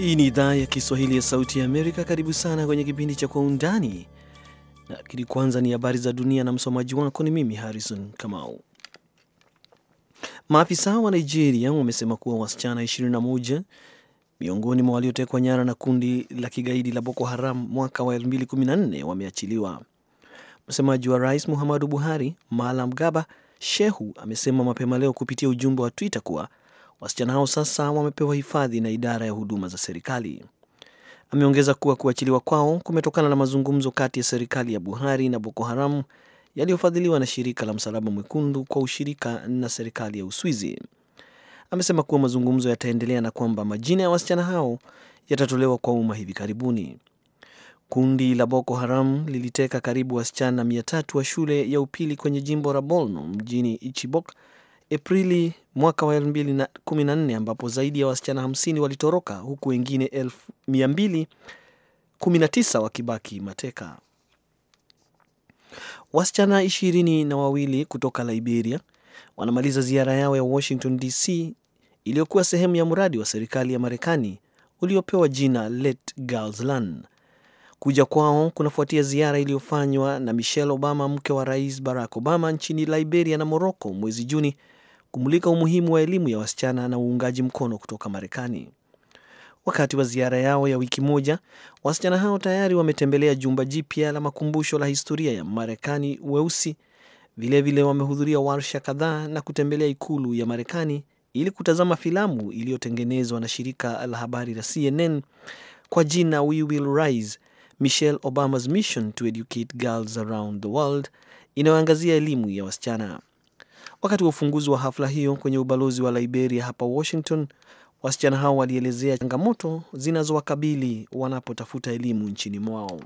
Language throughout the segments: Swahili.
Hii ni idhaa ya Kiswahili ya Sauti ya Amerika. Karibu sana kwenye kipindi cha Kwa Undani, lakini kwanza ni habari za dunia na msomaji wako ni mimi Harrison Kamau. Maafisa wa Nigeria wamesema kuwa wasichana 21 miongoni mwa waliotekwa nyara na kundi la kigaidi la Boko Haram mwaka wa 2014 wameachiliwa. Msemaji wa rais Muhammadu Buhari, Malam Gaba Shehu, amesema mapema leo kupitia ujumbe wa Twitter kuwa Wasichana hao sasa wamepewa hifadhi na idara ya huduma za serikali. Ameongeza kuwa kuachiliwa kwao kumetokana na mazungumzo kati ya serikali ya Buhari na Boko Haram yaliyofadhiliwa na shirika la Msalaba Mwekundu kwa ushirika na serikali ya Uswizi. Amesema kuwa mazungumzo yataendelea na kwamba majina ya wasichana hao yatatolewa kwa umma hivi karibuni. Kundi la Boko Haram liliteka karibu wasichana mia tatu wa shule ya upili kwenye jimbo la Borno mjini Ichibok Aprili mwaka wa 2014 ambapo zaidi ya wasichana 50 walitoroka huku wengine 219 wakibaki mateka. Wasichana ishirini na wawili kutoka Liberia wanamaliza ziara yao ya Washington DC iliyokuwa sehemu ya mradi wa serikali ya Marekani uliopewa jina Let Girls Learn. Kuja kwao kunafuatia ziara iliyofanywa na Michelle Obama, mke wa Rais Barack Obama, nchini Liberia na Morocco mwezi Juni kumulika umuhimu wa elimu ya wasichana na uungaji mkono kutoka Marekani. Wakati wa ziara yao ya wiki moja, wasichana hao tayari wametembelea jumba jipya la makumbusho la historia ya Marekani weusi. Vilevile wamehudhuria warsha kadhaa na kutembelea ikulu ya Marekani ili kutazama filamu iliyotengenezwa na shirika la habari la CNN kwa jina We Will Rise, Michelle Obama's Mission to Educate Girls Around the World, inayoangazia elimu ya wasichana. Wakati wa ufunguzi wa hafla hiyo kwenye ubalozi wa Liberia hapa Washington, wasichana hao walielezea changamoto zinazowakabili wanapotafuta elimu nchini mwao.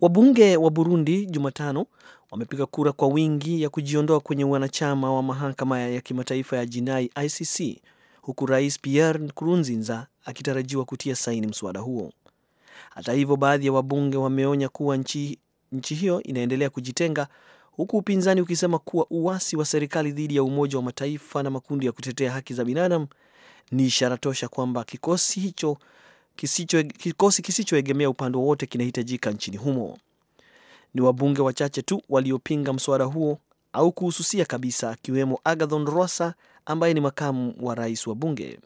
Wabunge wa Burundi Jumatano wamepiga kura kwa wingi ya kujiondoa kwenye wanachama wa mahakama ya kimataifa ya jinai ICC, huku rais Pierre Nkurunziza akitarajiwa kutia saini mswada huo. Hata hivyo, baadhi ya wabunge wameonya kuwa nchi, nchi hiyo inaendelea kujitenga huku upinzani ukisema kuwa uwasi wa serikali dhidi ya Umoja wa Mataifa na makundi ya kutetea haki za binadamu ni ishara tosha kwamba kikosi hicho kisicho, kikosi kisichoegemea upande wowote kinahitajika nchini humo. Ni wabunge wachache tu waliopinga mswada huo au kuhususia kabisa, akiwemo Agathon Rwasa ambaye ni makamu wa rais wa bunge.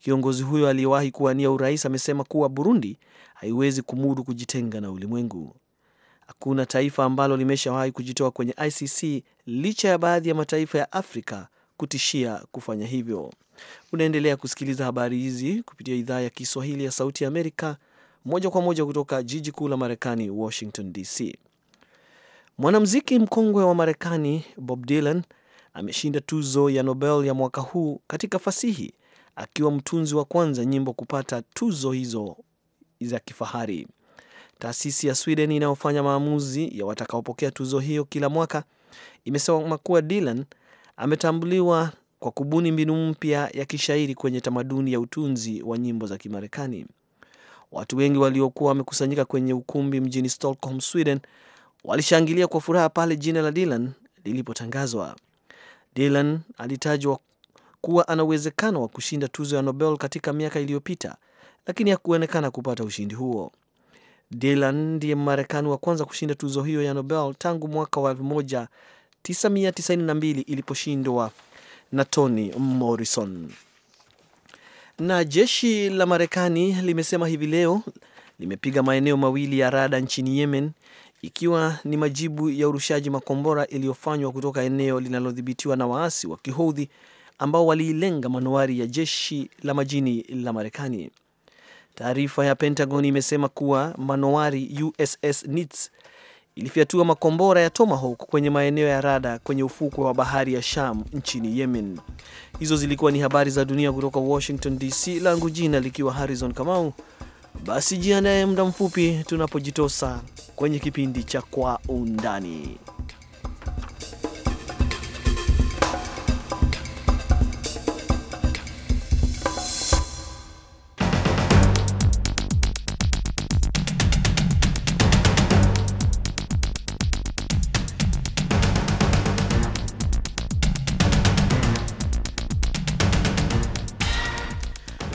Kiongozi huyo aliyewahi kuwania urais amesema kuwa Burundi haiwezi kumudu kujitenga na ulimwengu. Hakuna taifa ambalo limeshawahi kujitoa kwenye ICC licha ya baadhi ya mataifa ya Afrika kutishia kufanya hivyo. Unaendelea kusikiliza habari hizi kupitia idhaa ya Kiswahili ya Sauti ya Amerika moja kwa moja kutoka jiji kuu la Marekani, Washington DC. Mwanamuziki mkongwe wa Marekani Bob Dylan ameshinda tuzo ya Nobel ya mwaka huu katika fasihi akiwa mtunzi wa kwanza nyimbo kupata tuzo hizo za kifahari. Taasisi ya Sweden inayofanya maamuzi ya watakaopokea tuzo hiyo kila mwaka imesema kuwa Dylan ametambuliwa kwa kubuni mbinu mpya ya kishairi kwenye tamaduni ya utunzi wa nyimbo za Kimarekani. Watu wengi waliokuwa wamekusanyika kwenye ukumbi mjini Stockholm, Sweden, walishangilia kwa furaha pale jina la Dylan lilipotangazwa. Dylan alitajwa kuwa ana uwezekano wa kushinda tuzo ya Nobel katika miaka iliyopita, lakini hakuonekana kupata ushindi huo. Dylan ndiye Marekani wa kwanza kushinda tuzo hiyo ya Nobel tangu mwaka wa 1992 iliposhindwa na Toni Morrison. Na jeshi la Marekani limesema hivi leo limepiga maeneo mawili ya rada nchini Yemen ikiwa ni majibu ya urushaji makombora iliyofanywa kutoka eneo linalodhibitiwa na waasi wa Kihoudhi ambao waliilenga manowari ya jeshi la majini la Marekani. Taarifa ya Pentagon imesema kuwa manowari USS Nitz ilifyatua makombora ya Tomahawk kwenye maeneo ya rada kwenye ufukwe wa bahari ya Sham nchini Yemen. Hizo zilikuwa ni habari za dunia kutoka Washington DC, langu jina likiwa Harrison Kamau. Basi jiandaye muda mfupi tunapojitosa kwenye kipindi cha Kwa Undani.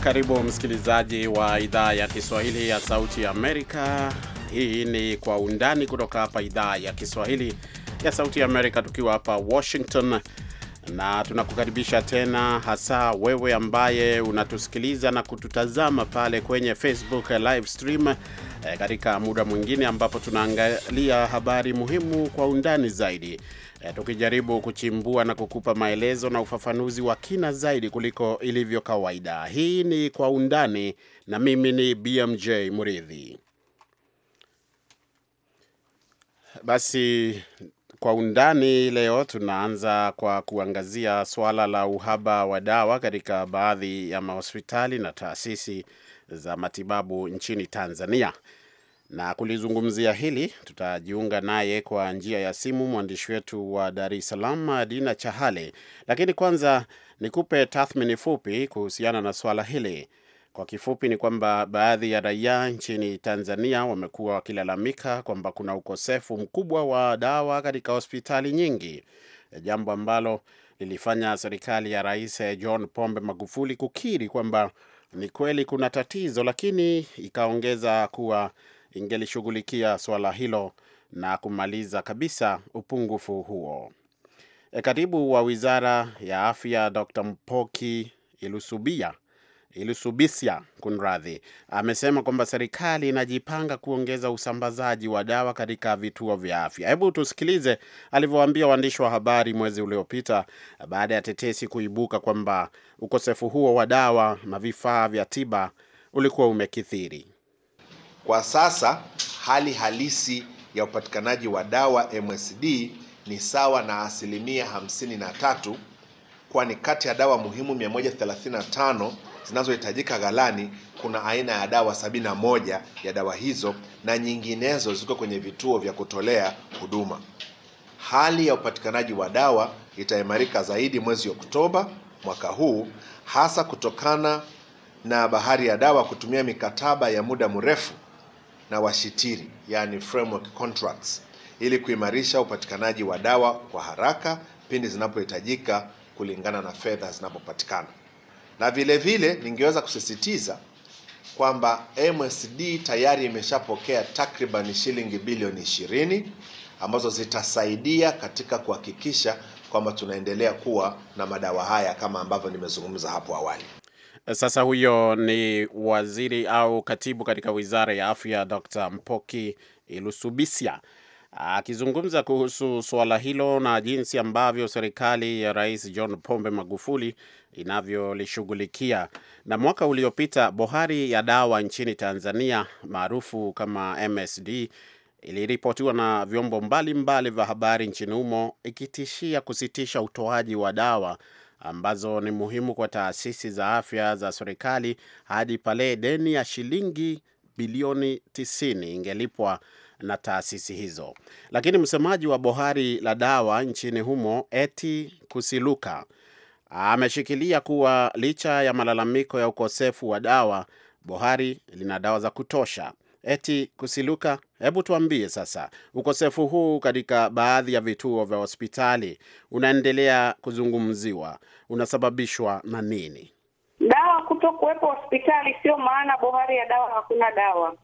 Karibu msikilizaji wa idhaa ya Kiswahili ya Sauti ya Amerika. Hii ni Kwa Undani kutoka hapa idhaa ya Kiswahili ya Sauti ya Amerika, tukiwa hapa Washington na tunakukaribisha tena, hasa wewe ambaye unatusikiliza na kututazama pale kwenye Facebook live stream eh, katika muda mwingine ambapo tunaangalia habari muhimu kwa undani zaidi e, tukijaribu kuchimbua na kukupa maelezo na ufafanuzi wa kina zaidi kuliko ilivyo kawaida. Hii ni Kwa Undani na mimi ni BMJ Muridhi. Basi kwa undani leo tunaanza kwa kuangazia suala la uhaba wa dawa katika baadhi ya mahospitali na taasisi za matibabu nchini Tanzania. Na kulizungumzia hili tutajiunga naye kwa njia ya simu mwandishi wetu wa Dar es Salaam Dina Chahale, lakini kwanza nikupe tathmini fupi kuhusiana na swala hili. Kwa kifupi ni kwamba baadhi ya raia nchini Tanzania wamekuwa wakilalamika kwamba kuna ukosefu mkubwa wa dawa katika hospitali nyingi, jambo ambalo lilifanya serikali ya Rais John Pombe Magufuli kukiri kwamba ni kweli kuna tatizo, lakini ikaongeza kuwa ingelishughulikia suala hilo na kumaliza kabisa upungufu huo. E, katibu wa wizara ya afya Dr. Mpoki Ilusubia Ilusubisia kunradhi, amesema kwamba serikali inajipanga kuongeza usambazaji wa dawa katika vituo vya afya. Hebu tusikilize alivyoambia waandishi wa habari mwezi uliopita baada ya tetesi kuibuka kwamba ukosefu huo wa dawa na vifaa vya tiba ulikuwa umekithiri. Kwa sasa hali halisi ya upatikanaji wa dawa MSD ni sawa na asilimia 53, kwani kati ya dawa muhimu 135 zinazohitajika ghalani kuna aina ya dawa 71 ya dawa hizo na nyinginezo ziko kwenye vituo vya kutolea huduma. Hali ya upatikanaji wa dawa itaimarika zaidi mwezi Oktoba mwaka huu, hasa kutokana na bahari ya dawa kutumia mikataba ya muda mrefu na washitiri, yani framework contracts, ili kuimarisha upatikanaji wa dawa kwa haraka pindi zinapohitajika kulingana na fedha zinapopatikana. Na vile vile ningeweza kusisitiza kwamba MSD tayari imeshapokea takriban shilingi bilioni ishirini ambazo zitasaidia katika kuhakikisha kwamba tunaendelea kuwa na madawa haya kama ambavyo nimezungumza hapo awali. Sasa huyo ni waziri au katibu katika wizara ya afya Dr. Mpoki Ilusubisia akizungumza kuhusu suala hilo na jinsi ambavyo serikali ya Rais John Pombe Magufuli inavyolishughulikia. Na mwaka uliopita bohari ya dawa nchini Tanzania maarufu kama MSD iliripotiwa na vyombo mbalimbali vya habari nchini humo ikitishia kusitisha utoaji wa dawa ambazo ni muhimu kwa taasisi za afya za serikali hadi pale deni ya shilingi bilioni 90 ingelipwa na taasisi hizo. Lakini msemaji wa bohari la dawa nchini humo Eti Kusiluka ameshikilia kuwa licha ya malalamiko ya ukosefu wa dawa, bohari lina dawa za kutosha eti kusiluka? Hebu tuambie sasa, ukosefu huu katika baadhi ya vituo vya hospitali unaendelea kuzungumziwa, unasababishwa na nini? Dawa kuto kuwepo hospitali sio maana bohari ya dawa, hakuna dawa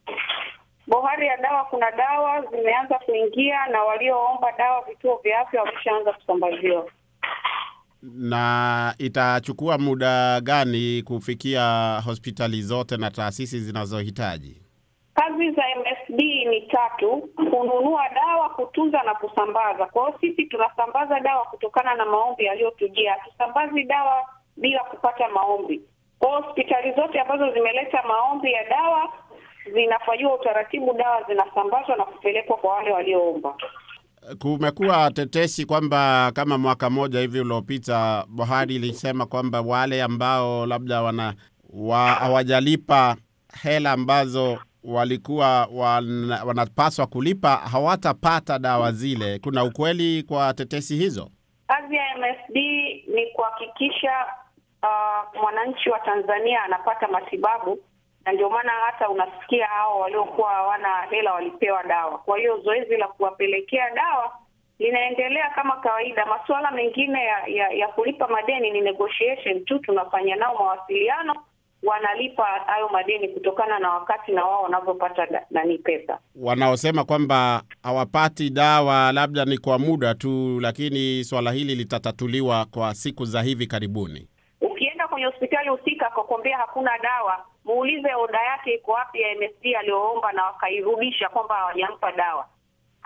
bohari ya dawa. Kuna dawa zimeanza kuingia na walioomba dawa vituo vya afya wameshaanza kusambaziwa. Na itachukua muda gani kufikia hospitali zote na taasisi zinazohitaji? Kazi za MSD ni tatu: kununua dawa, kutunza na kusambaza. Kwa hiyo sisi tunasambaza dawa kutokana na maombi yaliyotujia, hatusambazi dawa bila kupata maombi. Kwa hiyo hospitali zote ambazo zimeleta maombi ya dawa zinafanyiwa utaratibu, dawa zinasambazwa na kupelekwa kwa wale walioomba. Kumekuwa tetesi kwamba kama mwaka mmoja hivi uliopita, Bohari ilisema kwamba wale ambao labda wana hawajalipa wa, hela ambazo walikuwa wanapaswa kulipa hawatapata dawa zile. Kuna ukweli kwa tetesi hizo? Kazi ya MSD ni kuhakikisha uh, mwananchi wa Tanzania anapata matibabu, na ndio maana hata unasikia hao waliokuwa hawana hela walipewa dawa. Kwa hiyo zoezi la kuwapelekea dawa linaendelea kama kawaida. Masuala mengine ya, ya, ya kulipa madeni ni negotiation tu, tunafanya nao mawasiliano wanalipa hayo madeni kutokana na wakati na wao wanavyopata nani pesa. Wanaosema kwamba hawapati dawa labda ni kwa muda tu, lakini swala hili litatatuliwa kwa siku za hivi karibuni. Ukienda kwenye hospitali husika akakwambia hakuna dawa, muulize oda yake iko wapi ya MSD aliyoomba na wakairudisha kwamba hawajampa dawa.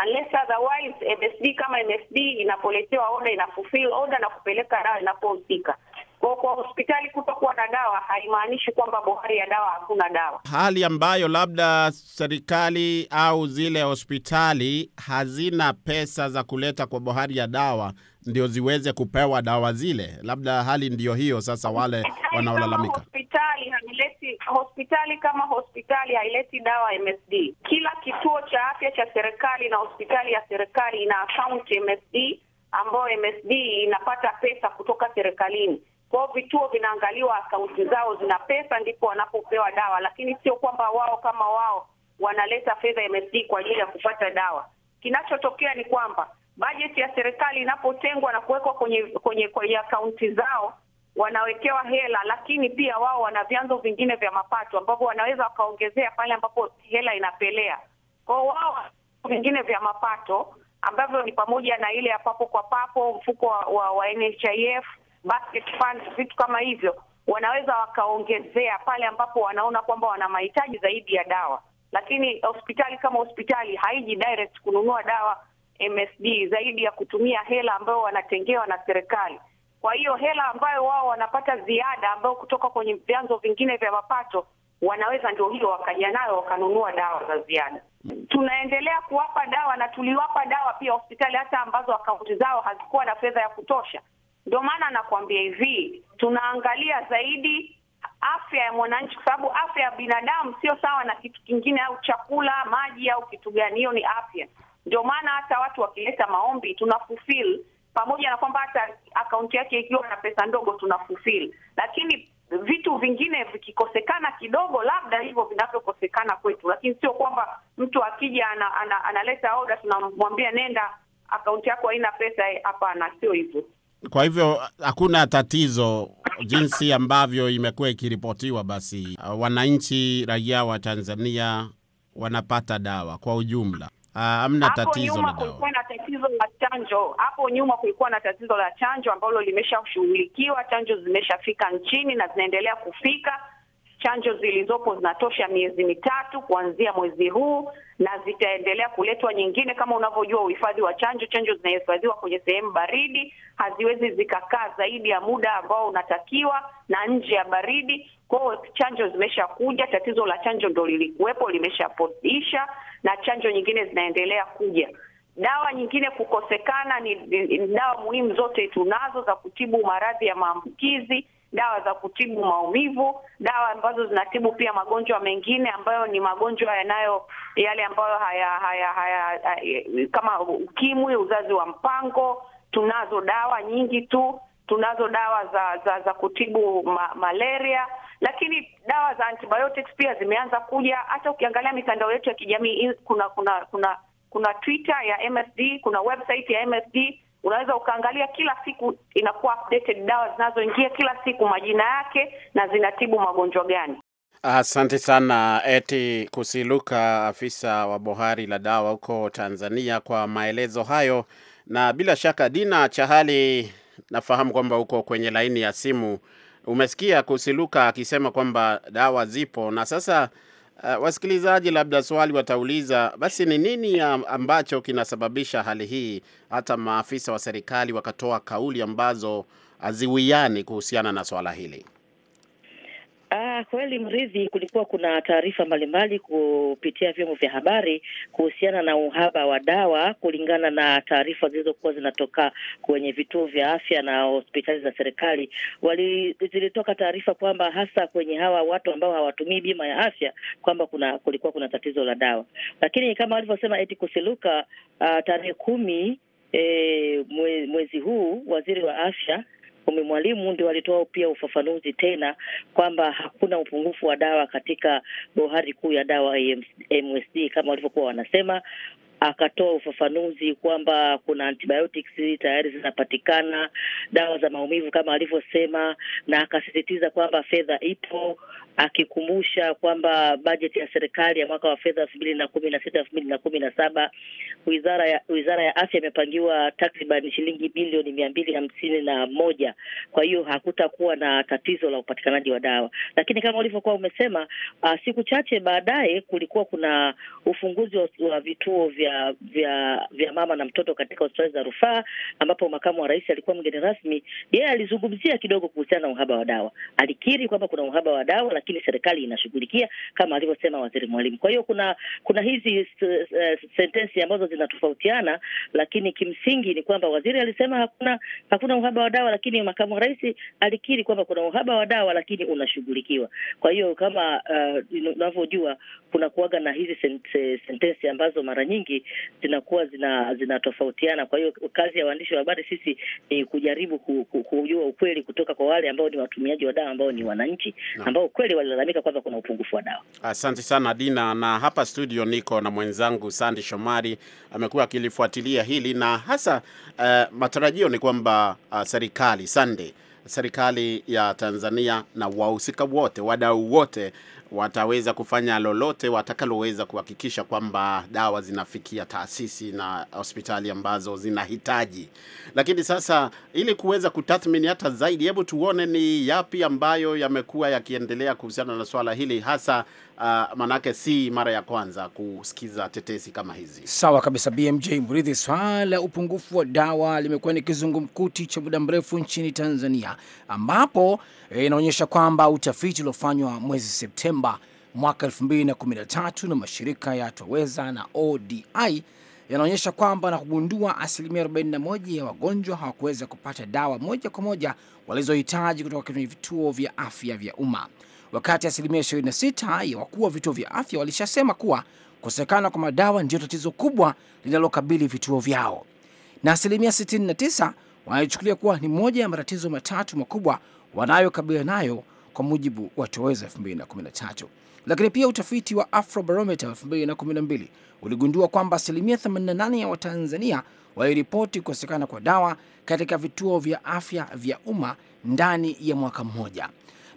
Unless otherwise MSD kama MSD inapoletewa oda inafulfill oda na kupeleka dawa inapohusika. Kwa kwa hospitali kutokuwa na dawa haimaanishi kwamba bohari ya dawa hakuna dawa, hali ambayo labda serikali au zile hospitali hazina pesa za kuleta kwa bohari ya dawa ndio ziweze kupewa dawa zile. Labda hali ndiyo hiyo. Sasa wale wanaolalamika hospitali haileti, hospitali kama hospitali haileti dawa MSD. Kila kituo cha afya cha serikali na hospitali ya serikali ina akaunti MSD ambayo MSD inapata pesa kutoka serikalini. Kwa vituo vinaangaliwa akaunti zao zina pesa, ndipo wanapopewa dawa, lakini sio kwamba wao kama wao wanaleta fedha MSD kwa ajili ya kupata dawa. Kinachotokea ni kwamba bajeti ya serikali inapotengwa na kuwekwa kwenye kwenye kwenye akaunti zao wanawekewa hela, lakini pia wao wana vyanzo vingine vya mapato ambavyo wanaweza wakaongezea pale ambapo hela inapelea. Kwa wao vingine vya mapato ambavyo ni pamoja na ile ya papo kwa papo, mfuko wa, wa, wa NHIF basket fund, vitu kama hivyo, wanaweza wakaongezea pale ambapo wanaona kwamba wana mahitaji zaidi ya dawa, lakini hospitali kama hospitali haiji direct kununua dawa MSD zaidi ya kutumia hela ambayo wanatengewa na serikali. Kwa hiyo hela ambayo wao wanapata ziada ambayo kutoka kwenye vyanzo vingine vya mapato wanaweza ndio hiyo wakaja nayo wakanunua dawa za ziada. Tunaendelea kuwapa dawa na tuliwapa dawa pia hospitali hata ambazo akaunti zao hazikuwa na fedha ya kutosha, ndio maana nakwambia hivi, tunaangalia zaidi afya ya mwananchi, kwa sababu afya ya binadamu sio sawa na kitu kingine, au chakula, maji au kitu gani, hiyo ni afya. Ndio maana hata watu wakileta maombi tunafufil, pamoja na kwamba hata akaunti yake ikiwa na pesa ndogo tunafufil, lakini vitu vingine vikikosekana kidogo, labda hivyo vinavyokosekana kwetu, lakini sio kwamba mtu akija analeta ana, ana, ana oda tunamwambia nenda akaunti yako haina pesa. Eh, hapana, sio hivyo. Kwa hivyo hakuna tatizo jinsi ambavyo imekuwa ikiripotiwa. Basi uh, wananchi raia wa Tanzania wanapata dawa kwa ujumla. Uh, hamna tatizo. nyuma kulikuwa na tatizo la chanjo, hapo nyuma kulikuwa na tatizo la chanjo ambalo limeshashughulikiwa. Chanjo zimeshafika nchini na zinaendelea kufika. Chanjo zilizopo zinatosha miezi mitatu kuanzia mwezi huu na zitaendelea kuletwa nyingine. Kama unavyojua uhifadhi wa chanjo, chanjo zinahifadhiwa kwenye sehemu baridi, haziwezi zikakaa zaidi ya muda ambao unatakiwa na nje ya baridi. kwao chanjo chanjo zimeshakuja, tatizo la chanjo ndo lilikuwepo, limeshapodisha na chanjo nyingine zinaendelea kuja. Dawa nyingine kukosekana, ni dawa muhimu zote tunazo za kutibu maradhi ya maambukizi dawa za kutibu maumivu, dawa ambazo zinatibu pia magonjwa mengine ambayo ni magonjwa yanayo yale ambayo haya, haya, haya, haya eh, kama ukimwi, uzazi wa mpango. Tunazo dawa nyingi tu, tunazo dawa za za, za kutibu ma, malaria lakini dawa za antibiotics pia zimeanza kuja. Hata ukiangalia mitandao yetu ya kijamii kuna kuna kuna kuna Twitter ya MSD, kuna website ya MSD Unaweza ukaangalia kila siku inakuwa updated, dawa zinazoingia kila siku, majina yake na zinatibu magonjwa gani. Asante sana Eti Kusiluka, afisa wa bohari la dawa huko Tanzania, kwa maelezo hayo. Na bila shaka, Dina Chahali, nafahamu kwamba uko kwenye laini ya simu. Umesikia Kusiluka akisema kwamba dawa zipo na sasa Uh, wasikilizaji labda swali watauliza basi, ni nini ambacho kinasababisha hali hii, hata maafisa wa serikali wakatoa kauli ambazo haziwiani kuhusiana na swala hili? kweli mridhi, kulikuwa kuna taarifa mbalimbali kupitia vyombo vya habari kuhusiana na uhaba wa dawa, kulingana na taarifa zilizokuwa zinatoka kwenye vituo vya afya na hospitali za serikali. Wali zilitoka taarifa kwamba hasa kwenye hawa watu ambao hawatumii bima ya afya kwamba kuna kulikuwa kuna tatizo la dawa, lakini kama walivyosema eti kusiluka uh, tarehe kumi E, mwezi huu waziri wa afya Umi Mwalimu ndio alitoa pia ufafanuzi tena kwamba hakuna upungufu wa dawa katika bohari kuu ya dawa MSD kama walivyokuwa wanasema. Akatoa ufafanuzi kwamba kuna antibiotics tayari zinapatikana, dawa za maumivu kama alivyosema, na akasisitiza kwamba fedha ipo akikumbusha kwamba bajeti ya serikali ya mwaka wa fedha elfu mbili na kumi na sita elfu mbili na kumi na saba wizara ya wizara ya afya imepangiwa takriban shilingi bilioni mia mbili hamsini na moja. Kwa hiyo hakutakuwa na tatizo la upatikanaji wa dawa, lakini kama ulivyokuwa umesema, uh, siku chache baadaye kulikuwa kuna ufunguzi wa, wa vituo vya vya vya mama na mtoto katika hospitali za rufaa, ambapo makamu wa rais alikuwa mgeni rasmi. Yeye alizungumzia kidogo kuhusiana na uhaba wa dawa, alikiri kwamba kuna uhaba wa dawa lakini serikali inashughulikia kama alivyosema waziri Mwalimu. Kwa hiyo kuna kuna hizi uh, sentensi ambazo zinatofautiana, lakini kimsingi ni kwamba waziri alisema hakuna hakuna uhaba wa dawa, lakini makamu wa rais alikiri kwamba kuna uhaba wa dawa, lakini unashughulikiwa. Kwa hiyo kama uh, unavyojua, uh, kuna kuwaga na hizi sentensi ambazo mara nyingi zinakuwa zina zinatofautiana. Kwa hiyo kazi ya waandishi wa habari sisi ni kujaribu ku, ku, kujua ukweli kutoka kwa wale ambao ni watumiaji wa dawa ambao ni wananchi ambao kweli walilalamika kwamba kuna upungufu wa dawa. Asante sana Dina, na hapa studio niko na mwenzangu Sandi Shomari, amekuwa akilifuatilia hili na hasa uh, matarajio ni kwamba uh, serikali Sande serikali ya Tanzania na wahusika wote, wadau wote wataweza kufanya lolote watakaloweza kuhakikisha kwamba dawa zinafikia taasisi na hospitali ambazo zinahitaji. Lakini sasa, ili kuweza kutathmini hata zaidi, hebu tuone ni yapi ambayo yamekuwa yakiendelea kuhusiana na swala hili, hasa uh, manake si mara ya kwanza kusikiza tetesi kama hizi. Sawa kabisa, BMJ Mridhi. Swala la upungufu wa dawa limekuwa ni kizungumkuti cha muda mrefu nchini Tanzania, ambapo eh, inaonyesha kwamba utafiti uliofanywa mwezi Septemba mwaka 2013 na mashirika ya Twaweza na ODI yanaonyesha kwamba na kugundua asilimia 41 ya wagonjwa hawakuweza kupata dawa moja kwa moja walizohitaji kutoka kwenye vituo vya afya vya umma wakati asilimia 26 ya wakuu wa vituo vya afya walishasema kuwa kukosekana kwa madawa ndiyo tatizo kubwa linalokabili vituo vyao, na asilimia 69 wanayochukulia kuwa ni moja ya matatizo matatu makubwa wanayokabiliana nayo kwa mujibu wa Toweza 2013. Lakini pia utafiti wa Afrobarometer 2012 uligundua kwamba asilimia 88 ya Watanzania waliripoti kukosekana kwa dawa katika vituo vya afya vya umma ndani ya mwaka mmoja,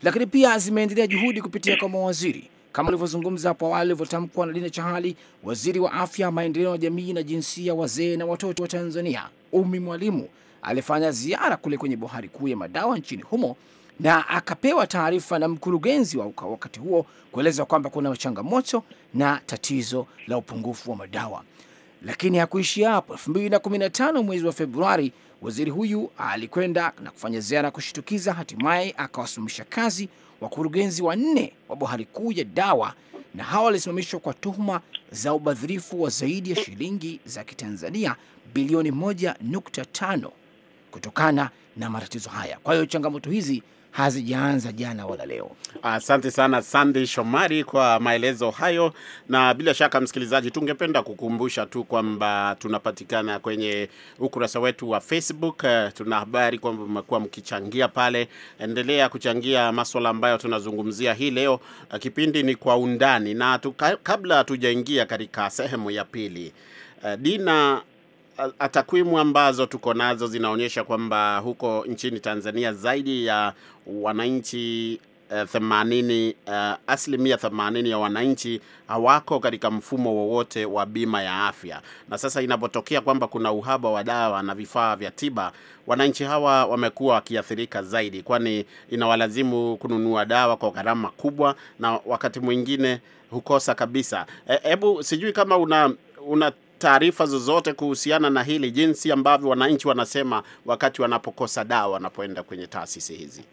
lakini pia zimeendelea juhudi kupitia kwa mawaziri kama alivyozungumza hapo awali, alivyotamkwa na Dina Chahali, waziri wa afya, maendeleo ya jamii na jinsia, wazee na watoto wa Tanzania. Umi Mwalimu alifanya ziara kule kwenye bohari kuu ya madawa nchini humo na akapewa taarifa na mkurugenzi wa UKA wakati huo kueleza kwamba kuna changamoto na tatizo la upungufu wa madawa, lakini hakuishia hapo. 2015 mwezi wa Februari Waziri huyu alikwenda na kufanya ziara ya kushitukiza, hatimaye akawasimamisha kazi wakurugenzi wanne wa bohari kuu ya dawa, na hawa walisimamishwa kwa tuhuma za ubadhirifu wa zaidi ya shilingi za kitanzania bilioni 1.5 kutokana na matatizo haya. Kwa hiyo changamoto hizi hazijaanza jana wala leo. Asante sana Sandy Shomari kwa maelezo hayo, na bila shaka msikilizaji, tungependa kukumbusha tu kwamba tunapatikana kwenye ukurasa wetu wa Facebook. Tuna habari kwamba mmekuwa mkichangia pale, endelea kuchangia maswala ambayo tunazungumzia hii leo. Kipindi ni kwa undani, na tuka, kabla hatujaingia katika sehemu ya pili, eh, Dina takwimu ambazo tuko nazo zinaonyesha kwamba huko nchini Tanzania zaidi ya wananchi eh, themanini uh, asilimia themanini ya wananchi hawako katika mfumo wowote wa bima ya afya. Na sasa inapotokea kwamba kuna uhaba wa dawa na vifaa vya tiba, wananchi hawa wamekuwa wakiathirika zaidi, kwani inawalazimu kununua dawa kwa gharama kubwa na wakati mwingine hukosa kabisa. Eh, hebu e, sijui kama una, una taarifa zozote kuhusiana na hili, jinsi ambavyo wananchi wanasema wakati wanapokosa dawa wanapoenda kwenye taasisi hizi?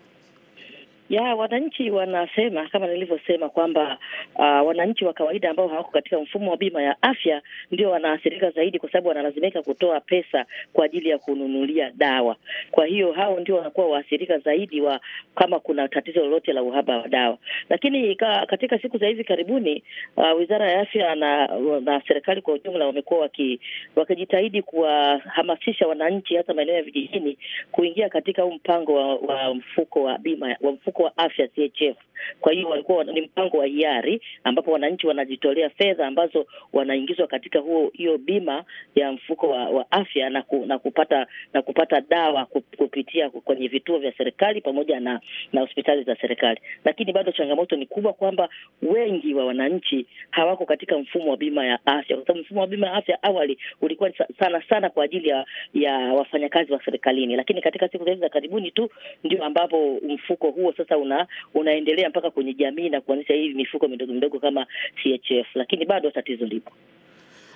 ya wananchi wanasema kama nilivyosema kwamba uh, wananchi wa kawaida ambao hawako katika mfumo wa bima ya afya ndio wanaathirika zaidi, kwa sababu wanalazimika kutoa pesa kwa ajili ya kununulia dawa. Kwa hiyo hao ndio wanakuwa waathirika zaidi wa kama kuna tatizo lolote la uhaba wa dawa. Lakini ka, katika siku za hivi karibuni uh, wizara ya afya na, na serikali kwa ujumla wamekuwa waki, wakijitahidi kuwahamasisha wananchi hasa maeneo ya vijijini kuingia katika huu mpango wa, wa mfuko wa bima wa mfuko wako wa afya CHF. Kwa hiyo walikuwa ni mpango wa hiari, ambapo wananchi wanajitolea fedha ambazo wanaingizwa katika huo hiyo bima ya mfuko wa, wa afya na, ku, na kupata na kupata dawa kupitia kwenye vituo vya serikali pamoja na na hospitali za serikali. Lakini bado changamoto ni kubwa kwamba wengi wa wananchi hawako katika mfumo wa bima ya afya, kwa sababu mfumo wa bima ya afya awali ulikuwa sana sana kwa ajili ya, ya wafanyakazi wa serikalini, lakini katika siku za hivi za karibuni tu ndio ambapo mfuko huo sasa sasa una, unaendelea mpaka kwenye jamii na kuanzisha hii mifuko midogo midogo kama CHF, lakini bado tatizo lipo.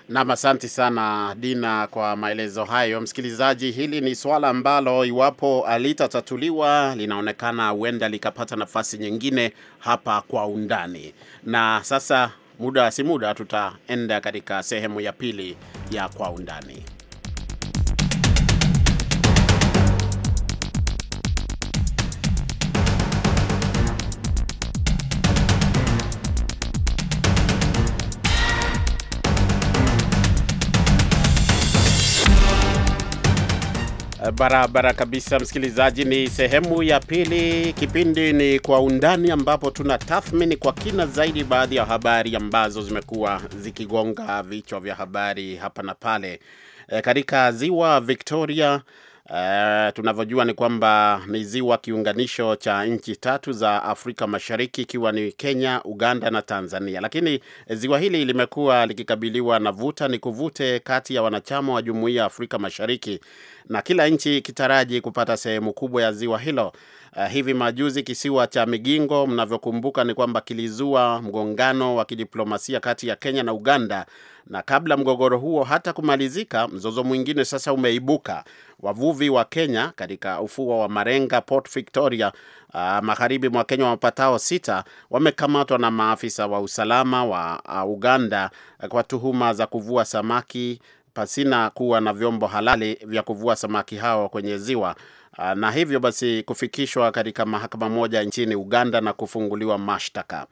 Nam, asante sana Dina kwa maelezo hayo. Msikilizaji, hili ni swala ambalo iwapo alitatatuliwa linaonekana huenda likapata nafasi nyingine hapa kwa undani. Na sasa muda si muda tutaenda katika sehemu ya pili ya kwa undani. Eh, barabara kabisa, msikilizaji. Ni sehemu ya pili, kipindi ni Kwa Undani, ambapo tuna tathmini kwa kina zaidi baadhi ya habari ambazo zimekuwa zikigonga vichwa vya habari hapa na pale. E, katika ziwa Victoria e, tunavyojua ni kwamba ni ziwa kiunganisho cha nchi tatu za Afrika Mashariki, ikiwa ni Kenya, Uganda na Tanzania. Lakini ziwa hili limekuwa likikabiliwa na vuta ni kuvute kati ya wanachama wa Jumuiya ya Afrika Mashariki na kila nchi ikitaraji kupata sehemu kubwa ya ziwa hilo. Uh, hivi majuzi kisiwa cha Migingo, mnavyokumbuka ni kwamba kilizua mgongano wa kidiplomasia kati ya Kenya na Uganda, na kabla mgogoro huo hata kumalizika, mzozo mwingine sasa umeibuka. Wavuvi wa Kenya katika ufuo wa Marenga, Port Victoria, uh, magharibi mwa Kenya, wapatao sita wamekamatwa na maafisa wa usalama wa uh, Uganda kwa tuhuma za kuvua samaki pasina kuwa na vyombo halali vya kuvua samaki hao kwenye ziwa ah, na hivyo basi kufikishwa katika mahakama moja nchini Uganda na kufunguliwa mashtaka.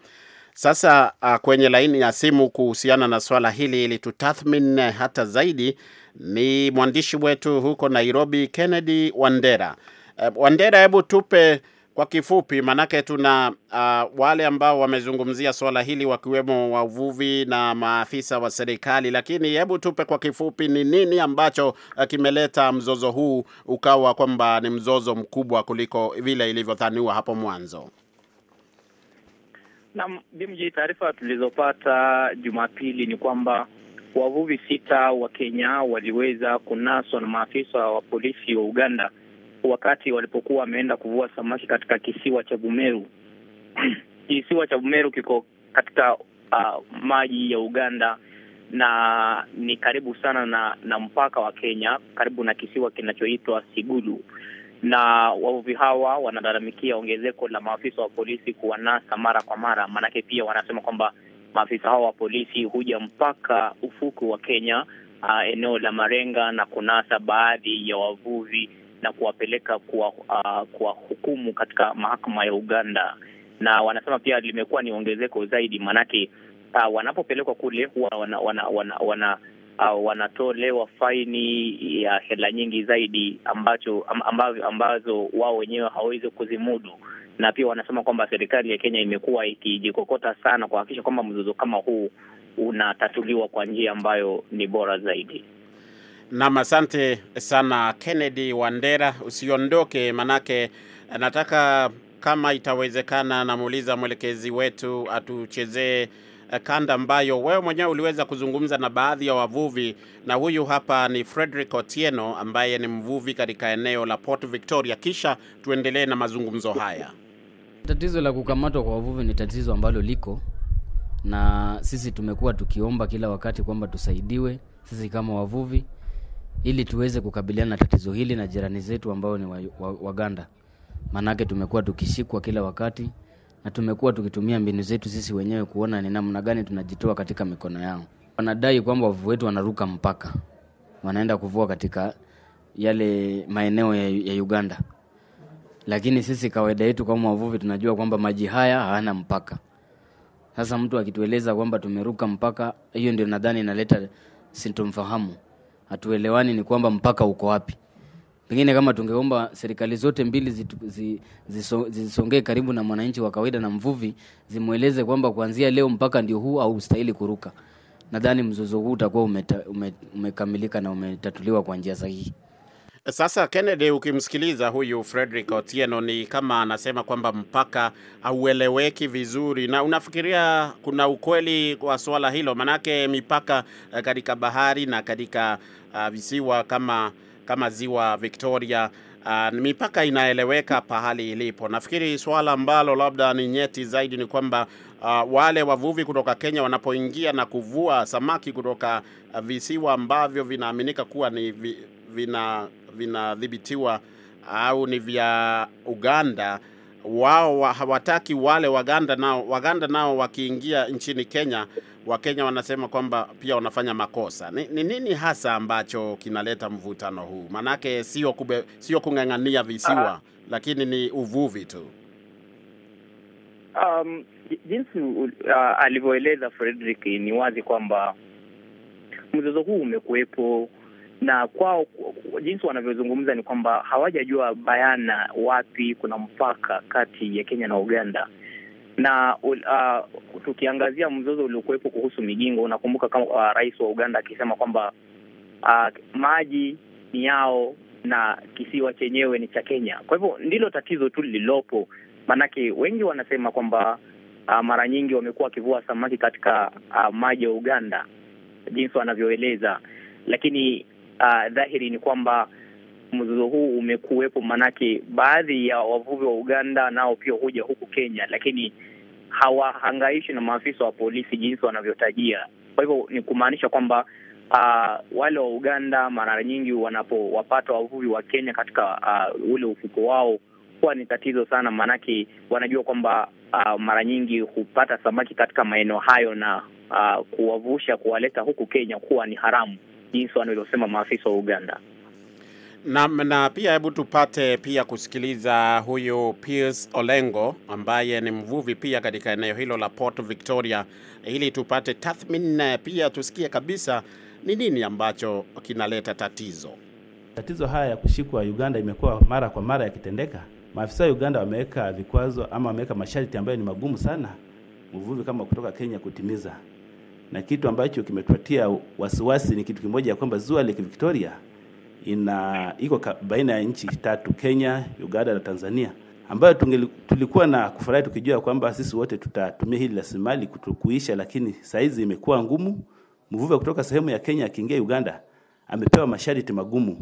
Sasa ah, kwenye laini ya simu kuhusiana na swala hili ili tutathmini eh, hata zaidi ni mwandishi wetu huko Nairobi, Kennedy Wandera. Eh, Wandera, hebu tupe kwa kifupi, manake tuna uh, wale ambao wamezungumzia swala hili wakiwemo wavuvi na maafisa wa serikali, lakini hebu tupe kwa kifupi, ni nini ambacho uh, kimeleta mzozo huu ukawa kwamba ni mzozo mkubwa kuliko vile ilivyodhaniwa hapo mwanzo? Naam, BMJ, taarifa tulizopata Jumapili ni kwamba wavuvi sita wa Kenya waliweza kunaswa na maafisa wa polisi wa Uganda wakati walipokuwa wameenda kuvua samaki katika kisiwa cha Bumeru. Kisiwa cha Bumeru kiko katika uh, maji ya Uganda na ni karibu sana na, na mpaka wa Kenya, karibu na kisiwa kinachoitwa Sigulu na wavuvi hawa wanalalamikia ongezeko la maafisa wa polisi kuwanasa mara kwa mara. Maanake pia wanasema kwamba maafisa hawa wa polisi huja mpaka ufuku wa Kenya, uh, eneo la Marenga na kunasa baadhi ya wavuvi na kuwapeleka kuwa, uh, kuwa katika mahakama ya Uganda, na wanasema pia limekuwa ni ongezeko zaidi, maanake uh, wanapopelekwa kule huwa wana, wana, wana, wana Uh, wanatolewa faini ya hela nyingi zaidi ambacho ambazo, ambazo wao wenyewe hawawezi kuzimudu, na pia wanasema kwamba serikali ya Kenya imekuwa ikijikokota sana kuhakikisha kwamba mzozo kama huu unatatuliwa kwa njia ambayo ni bora zaidi. Nam, asante sana Kennedy Wandera, usiondoke manake nataka kama itawezekana, namuuliza mwelekezi wetu atuchezee eh, kanda ambayo wewe mwenyewe uliweza kuzungumza na baadhi ya wavuvi, na huyu hapa ni Frederick Otieno ambaye ni mvuvi katika eneo la Port Victoria, kisha tuendelee na mazungumzo haya. Tatizo la kukamatwa kwa wavuvi ni tatizo ambalo liko na sisi, tumekuwa tukiomba kila wakati kwamba tusaidiwe sisi kama wavuvi ili tuweze kukabiliana na tatizo hili na jirani zetu ambao ni Waganda. wa, wa Maanake tumekuwa tukishikwa kila wakati na tumekuwa tukitumia mbinu zetu sisi wenyewe kuona ni namna gani tunajitoa katika mikono yao. Wanadai kwamba wavuvi wetu wanaruka mpaka, wanaenda kuvua katika yale maeneo ya, ya Uganda, lakini sisi kawaida yetu kama wavuvi tunajua kwamba maji haya hayana mpaka. Sasa mtu akitueleza kwamba tumeruka mpaka, hiyo ndio nadhani inaleta sintomfahamu hatuelewani ni kwamba mpaka uko wapi. Pengine kama tungeomba serikali zote mbili zisongee zi, zi, zisongee karibu na mwananchi wa kawaida na mvuvi, zimweleze kwamba kuanzia leo mpaka ndio huu au ustahili kuruka, nadhani mzozo huu utakuwa umekamilika ume, umekamilika na umetatuliwa kwa njia sahihi. Sasa Kennedy, ukimsikiliza huyu Frederick Otieno ni kama anasema kwamba mpaka haueleweki vizuri, na unafikiria kuna ukweli kwa swala hilo? Manake mipaka eh, katika bahari na katika uh, visiwa kama kama ziwa Victoria. Uh, mipaka inaeleweka pahali ilipo. Nafikiri swala ambalo labda ni nyeti zaidi ni kwamba uh, wale wavuvi kutoka Kenya wanapoingia na kuvua samaki kutoka uh, visiwa ambavyo vinaaminika kuwa ni vi, vina vinadhibitiwa au ni vya Uganda, wao hawataki wale Waganda nao Waganda nao wakiingia nchini Kenya Wakenya wanasema kwamba pia wanafanya makosa. Ni, ni nini hasa ambacho kinaleta mvutano huu? Maanake sio kube, sio kung'ang'ania visiwa uh, lakini ni uvuvi tu. Um, jinsi uh, alivyoeleza Frederick, ni wazi kwamba mzozo huu umekuwepo na kwao, jinsi wanavyozungumza ni kwamba hawajajua bayana wapi kuna mpaka kati ya Kenya na Uganda na uh, tukiangazia mzozo uliokuwepo kuhusu Migingo, unakumbuka kama uh, rais wa Uganda akisema kwamba uh, maji ni yao na kisiwa chenyewe ni cha Kenya. Kwa hivyo ndilo tatizo tu lililopo, maanake wengi wanasema kwamba uh, mara nyingi wamekuwa wakivua samaki katika uh, maji ya Uganda jinsi wanavyoeleza, lakini uh, dhahiri ni kwamba mzozo huu umekuwepo, maanake baadhi ya wavuvi wa Uganda nao pia huja huku Kenya, lakini hawahangaishi na maafisa wa polisi jinsi wanavyotajia. Kwa hivyo ni kumaanisha kwamba uh, wale wa Uganda mara nyingi wanapowapata wavuvi wa Kenya katika uh, ule ufuko wao huwa ni tatizo sana, maanake wanajua kwamba uh, mara nyingi hupata samaki katika maeneo hayo na uh, kuwavusha kuwaleta huku Kenya kuwa ni haramu jinsi wanavyosema maafisa wa Uganda. Na, na pia hebu tupate pia kusikiliza huyu Pierce Olengo ambaye ni mvuvi pia katika eneo hilo la Port Victoria, ili tupate tathmini pia tusikie kabisa ni nini ambacho kinaleta tatizo. Tatizo haya ya kushikwa Uganda imekuwa mara kwa mara yakitendeka. Maafisa wa Uganda wameweka vikwazo ama wameweka masharti ambayo ni magumu sana mvuvi kama kutoka Kenya kutimiza, na kitu ambacho kimetuatia wasiwasi ni kitu kimoja ya kwamba ziwa Lake Victoria ina iko baina ya nchi tatu, Kenya, Uganda na Tanzania, ambayo tulikuwa na kufurahi tukijua kwamba sisi wote tutatumia hili rasilimali kutukuisha, lakini saizi imekuwa ngumu. Mvuvi kutoka sehemu ya Kenya akiingia Uganda amepewa masharti magumu,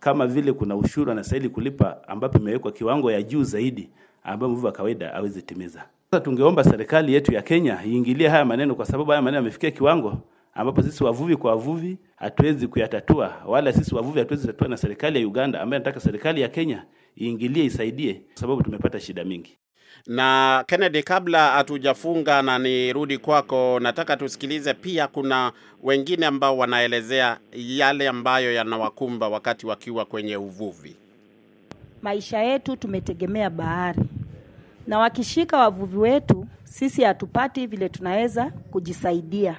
kama vile kuna ushuru anastahili kulipa, ambapo imewekwa kiwango ya juu zaidi ambayo mvuvi wa kawaida hawezi timiza. Sasa tungeomba serikali yetu ya Kenya iingilie haya maneno, kwa sababu haya maneno yamefikia kiwango ambapo sisi wavuvi kwa wavuvi hatuwezi kuyatatua, wala sisi wavuvi hatuwezi kutatua na serikali ya Uganda ambayo anataka serikali ya Kenya iingilie isaidie, kwa sababu tumepata shida mingi. Na Kennedy, kabla hatujafunga na nirudi kwako, nataka tusikilize pia, kuna wengine ambao wanaelezea yale ambayo yanawakumba wakati wakiwa kwenye uvuvi. Maisha yetu tumetegemea bahari, na wakishika wavuvi wetu sisi hatupati vile tunaweza kujisaidia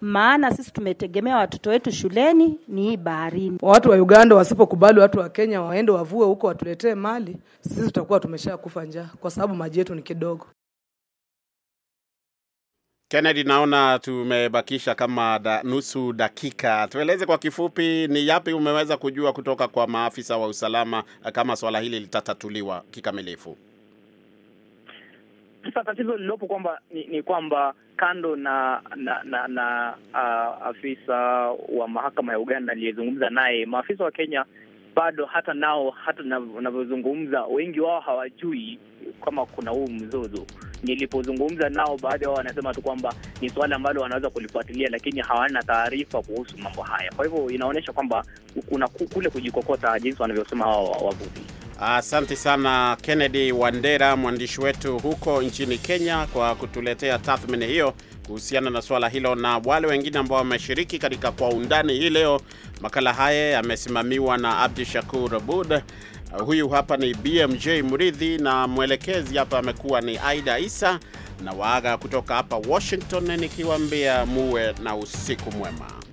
maana sisi tumetegemea watoto wetu shuleni ni hii baharini. Watu wa Uganda wasipokubali watu wa Kenya waende wavue huko watuletee mali, sisi tutakuwa tumeshakufa njaa, kwa sababu maji yetu ni kidogo. Kennedy, naona tumebakisha kama da, nusu dakika. Tueleze kwa kifupi, ni yapi umeweza kujua kutoka kwa maafisa wa usalama kama swala hili litatatuliwa kikamilifu? Sasa tatizo lililopo kwamba ni, ni kwamba kando na na, na, na uh, afisa wa mahakama ya Uganda aliyezungumza naye, maafisa wa Kenya bado hata nao hata wanavyozungumza wengi wao hawajui kama kuna huu mzozo. Nilipozungumza nao, baadhi wao wanasema tu kwamba ni suala ambalo wanaweza kulifuatilia, lakini hawana taarifa kuhusu mambo haya. Kwa hivyo inaonyesha kwamba kuna kule kujikokota, jinsi wanavyosema hao wavuvi. Asante sana Kennedy Wandera, mwandishi wetu huko nchini Kenya, kwa kutuletea tathmini hiyo kuhusiana na swala hilo na wale wengine ambao wameshiriki katika kwa undani hii leo. Makala haya yamesimamiwa na Abdi Shakur Abud. Huyu hapa ni BMJ Muridhi na mwelekezi hapa amekuwa ni Aida Isa na waaga kutoka hapa Washington nikiwaambia muwe na usiku mwema.